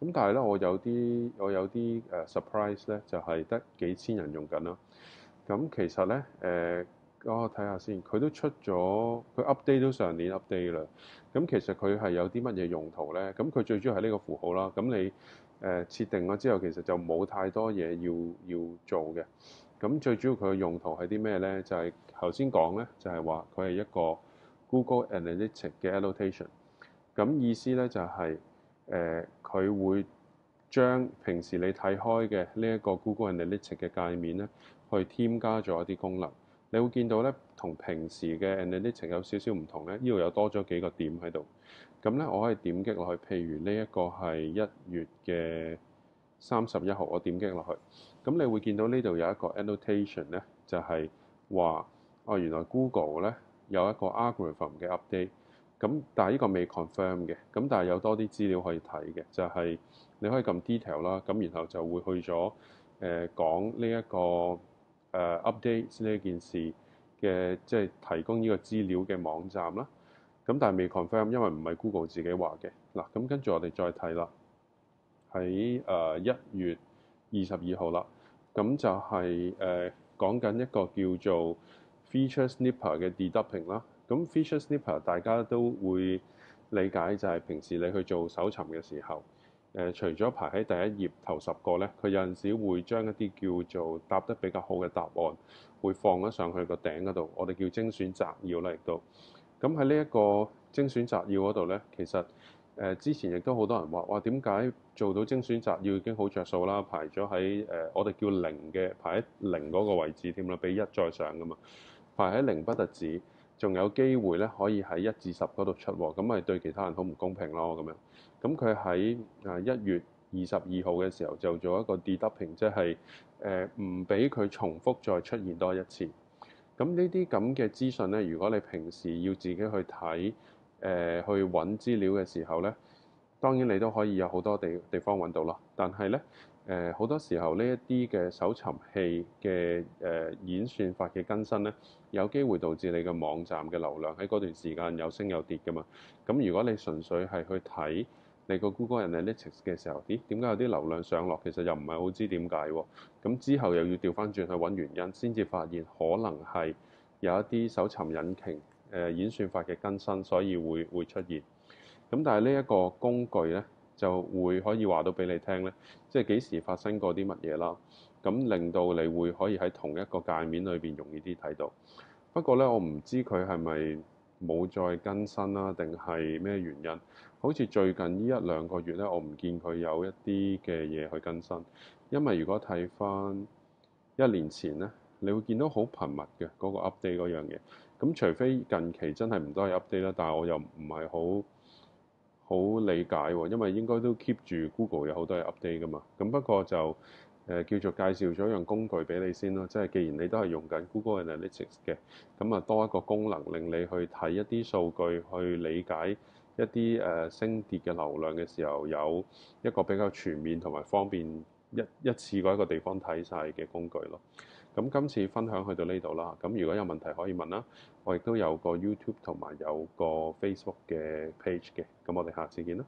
咁但係咧，我有啲我有啲誒 surprise 咧，就係、是、得幾千人用緊啦。咁其實咧誒、呃，我睇下先，佢都出咗，佢 update 都上年 update 啦。咁其實佢係有啲乜嘢用途咧？咁佢最主要係呢個符號啦。咁你誒、呃、設定咗之後，其實就冇太多嘢要要做嘅。咁最主要佢嘅用途係啲咩咧？就係頭先講咧，就係話佢係一個 Google Analytics 嘅 annotation。咁意思咧就係、是。誒佢、呃、會將平時你睇開嘅呢一個 Google Analytics 嘅界面咧，去添加咗一啲功能。你會見到咧，同平時嘅 Analytics 有少少唔同咧，呢度有多咗幾個點喺度。咁咧，我可以點擊落去。譬如呢一個係一月嘅三十一號，我點擊落去。咁你會見到呢度有一個 Annotation 咧，就係、是、話哦，原來 Google 咧有一個 algorithm 嘅 update。咁但係呢個未 confirm 嘅，咁但係有多啲資料可以睇嘅，就係、是、你可以撳 detail 啦，咁然後就會去咗誒講呢一個誒 update 呢一件事嘅，即係提供呢個資料嘅網站啦。咁但係未 confirm，因為唔係 Google 自己話嘅嗱。咁跟住我哋再睇啦，喺誒一月二十二號啦，咁就係誒講緊一個叫做 Feature Snipper 嘅 deduping 啦，咁 Feature Snipper 大家都會理解，就係平時你去做搜尋嘅時候，誒、呃、除咗排喺第一頁頭十個咧，佢有陣時會將一啲叫做答得比較好嘅答案，會放咗上去個頂嗰度，我哋叫精選摘要啦，亦都。咁喺呢一個精選摘要嗰度咧，其實誒、呃、之前亦都好多人話，哇，點解做到精選摘要已經好着數啦，排咗喺誒我哋叫零嘅排喺零嗰個位置添啦，畀一再上㗎嘛。排喺零不特止，仲有機會咧可以喺一至十嗰度出喎，咁咪對其他人好唔公平咯咁樣。咁佢喺啊一月二十二號嘅時候就做一個 de-dupping，即係誒唔俾佢重複再出現多一次。咁呢啲咁嘅資訊咧，如果你平時要自己去睇誒、呃、去揾資料嘅時候咧，當然你都可以有好多地地方揾到啦。但係咧。誒好多時候呢一啲嘅搜尋器嘅誒演算法嘅更新咧，有機會導致你嘅網站嘅流量喺嗰段時間有升有跌㗎嘛。咁如果你純粹係去睇你個 Google Analytics 嘅時候，咦，點解有啲流量上落？其實又唔係好知點解喎。咁之後又要調返轉去揾原因，先至發現可能係有一啲搜尋引擎誒演算法嘅更新，所以會會出現。咁但係呢一個工具咧。就會可以話到俾你聽咧，即係幾時發生過啲乜嘢啦，咁令到你會可以喺同一個界面裏邊容易啲睇到。不過咧，我唔知佢係咪冇再更新啦，定係咩原因？好似最近呢一兩個月咧，我唔見佢有一啲嘅嘢去更新。因為如果睇翻一年前咧，你會見到好頻密嘅嗰個 update 嗰樣嘢。咁除非近期真係唔多係 update 啦，但係我又唔係好好理解喎，因為應該都 keep 住 Google 有好多嘢 update 噶嘛。咁不過就誒叫做介紹咗一樣工具俾你先咯。即係既然你都係用緊 Google Analytics 嘅，咁啊多一個功能令你去睇一啲數據，去理解一啲誒升跌嘅流量嘅時候，有一個比較全面同埋方便一一次過一個地方睇晒嘅工具咯。咁今次分享去到呢度啦，咁如果有問題可以問啦，我亦都有個 YouTube 同埋有個 Facebook 嘅 page 嘅，咁我哋下次見啦。